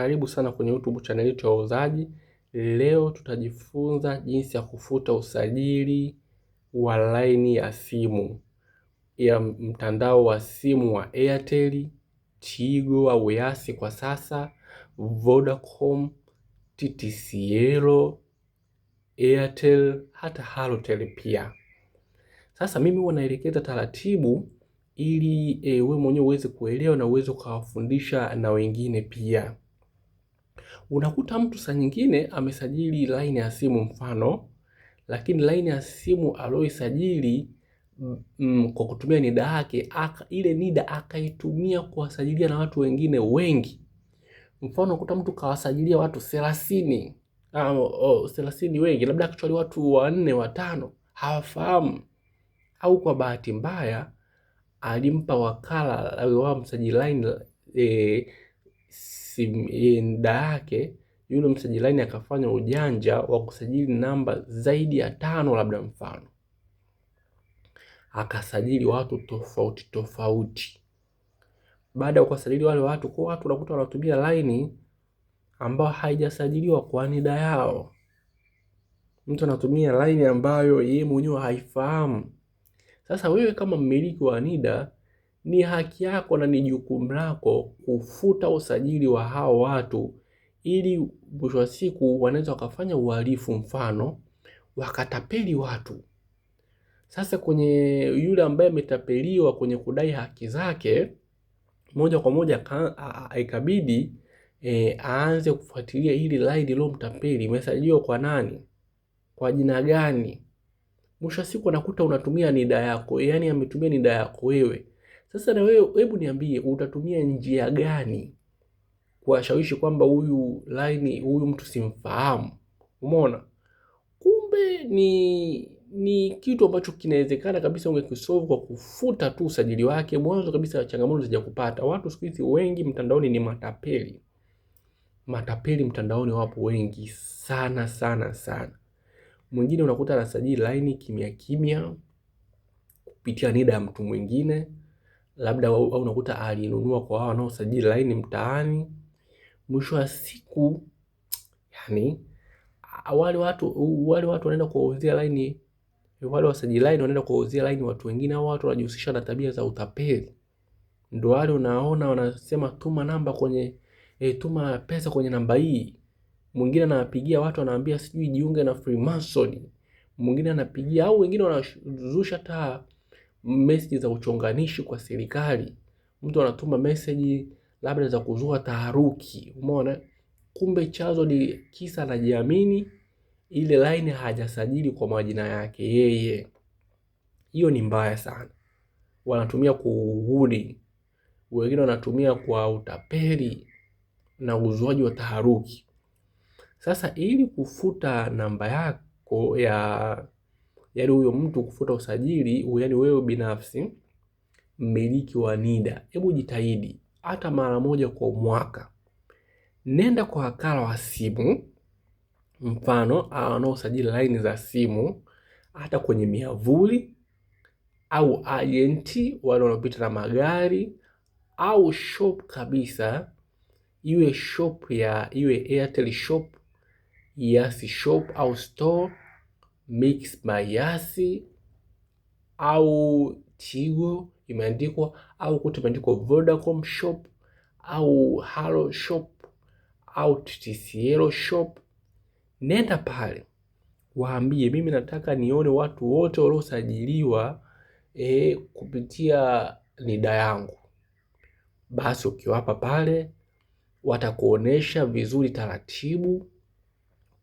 Karibu sana kwenye YouTube channel yetu ya Wauzaji. Leo tutajifunza jinsi ya kufuta usajili wa laini ya simu ya mtandao wa simu wa Airtel, Tigo au Yasi kwa sasa, Vodacom, TTCL, Airtel hata Halotel pia. Sasa mimi huwa naelekeza taratibu ili e, we mwenyewe uweze kuelewa na uweze ukawafundisha na wengine pia. Unakuta mtu saa nyingine amesajili laini ya simu mfano, lakini laini ya simu aliyoisajili mm, kwa kutumia NIDA yake aka, ile NIDA akaitumia kuwasajilia na watu wengine wengi. Mfano kuta mtu kawasajilia watu 30 thelathini um, oh, oh wengi labda actually watu wanne watano hawafahamu, au kwa bahati mbaya alimpa wakala wa msajili line e, daa yake yule msajilani akafanya ujanja wa kusajili namba zaidi ya tano, labda mfano akasajili watu tofauti tofauti. Baada ya kuwasajili wale watu, kwa watu unakuta wanatumia laini ambayo haijasajiliwa kwa nida yao. Mtu anatumia laini ambayo yeye mwenyewe haifahamu. Sasa wewe kama mmiliki wa nida ni haki yako na ni jukumu lako kufuta usajili wa hao watu, ili mwisho wa siku wanaweza wakafanya uhalifu, mfano wakatapeli watu. Sasa kwenye yule ambaye ametapeliwa kwenye kudai haki zake, moja kwa moja ikabidi e, aanze kufuatilia hili lai lilomtapeli imesajiliwa kwa nani, kwa jina gani. Mwisho wa siku anakuta unatumia nida yako, yani ametumia nida yako wewe sasa na wewe, hebu niambie utatumia njia gani kuwashawishi kwamba huyu line huyu mtu simfahamu? Umeona, kumbe ni ni kitu ambacho kinawezekana kabisa ungekisolve kwa kufuta tu usajili wake mwanzo kabisa, changamoto kupata Watu siku hizi wengi mtandaoni ni matapeli. Matapeli mtandaoni wapo wengi sana sana sana. Mwingine unakuta anasajili laini kimya kimya kupitia nida ya mtu mwingine labda au unakuta alinunua kwa hao wanaosajili laini mtaani. Mwisho wa siku, yani wale watu wale watu wanaenda kuwauzia laini, wale wasajili laini wanaenda kuwauzia laini watu wengine, au watu wanajihusisha na tabia za utapeli. Ndio wale unaona wanasema tuma namba kwenye e, tuma pesa kwenye namba hii. Mwingine anawapigia watu anawaambia sijui jiunge na Freemason, mwingine anapigia au wengine wanazusha taa meseji za uchonganishi kwa serikali. Mtu anatuma meseji labda za kuzua taharuki, umeona. Kumbe chazo ni kisa anajiamini, ile line hajasajili kwa majina yake yeye. Hiyo ni mbaya sana, wanatumia kuuhudi, wengine wanatumia kwa utapeli na uzuaji wa taharuki. Sasa ili kufuta namba yako ya yani huyo mtu kufuta usajili, yani wewe binafsi mmiliki wa NIDA, hebu jitahidi hata mara moja kwa mwaka, nenda kwa wakala wa simu, mfano anaosajili laini za simu, hata kwenye miavuli au ajenti wale wanaopita na magari au shop kabisa, iwe shop ya iwe Airtel shop, Yasi shop au store mayasi au Tigo imeandikwa au kuti imeandikwa Vodacom shop au Halo shop au TCL shop. Nenda pale waambie, mimi nataka nione watu wote waliosajiliwa e, kupitia NIDA yangu. Basi ukiwapa pale watakuonesha vizuri taratibu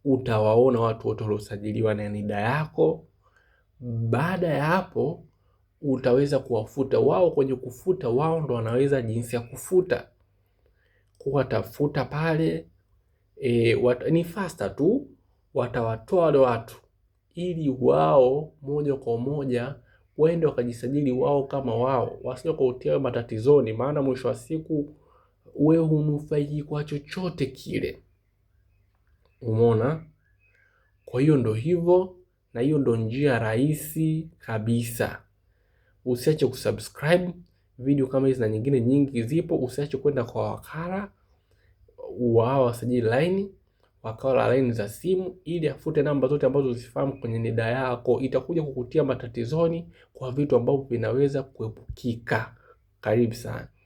utawaona watu wote waliosajiliwa na NIDA yako. Baada ya hapo, utaweza kuwafuta wao. Kwenye kufuta, wao ndo wanaweza jinsi ya kufuta, kuwatafuta pale e, wat, ni fasta tu, watawatoa wale watu ili wao moja kwa moja waende wakajisajili wao kama wao, wasije kutia matatizoni, maana mwisho wa siku wewe hunufaiki kwa chochote kile. Umeona? Kwa hiyo ndo hivyo, na hiyo ndo njia rahisi kabisa. Usiache kusubscribe, video kama hizi na nyingine nyingi zipo. Usiache kwenda kwa wakala wao wasajili laini, wakala laini za simu, ili afute namba zote ambazo usifahamu kwenye NIDA yako. Itakuja kukutia matatizoni kwa vitu ambavyo vinaweza kuepukika. Karibu sana.